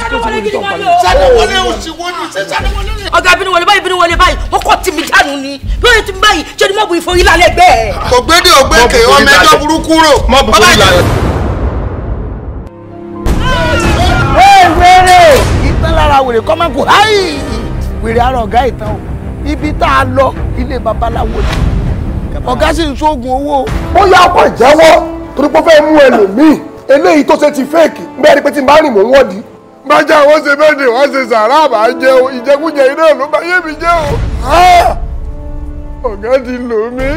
Ṣadéwọlé gidi wá lọ. Ṣadéwọlé oṣù ni ṣe báyìí Bínúwọlé báyìí ọkọ̀ tì ni bí wọ́n ti mí báyìí ṣé ni mọ̀ bu ìfọyín lálẹ́ gbẹ́ ẹ̀. Ògbédè ọmọ ẹjọ́ burúkú rò. Mọ̀ bu ìfọyín lálẹ́. ìtàn lára wèrè kọ́ máa kú háì wèrè ara ọ̀gá ìtàn o ibi tá a lọ ilé babaláwo ni ọ̀gá sì ń sóògùn owó. Ó yá ọkọ̀ ìjẹ́wọ́ torí pé ó fẹ́ mú ẹlòmíì eléyìí tó ṣe ti fẹ́ẹ̀kì bẹ́ẹ̀ ni pé tí n rìn mò ń wọ̀dí gbájà wọ́n ṣe bẹ́ẹ̀ ni wọ́n ṣe sàrà àbá jẹ́ o ìjẹkújẹ iná ló bá yé mi jẹ́ o ah! ọ̀gá ti lò mí.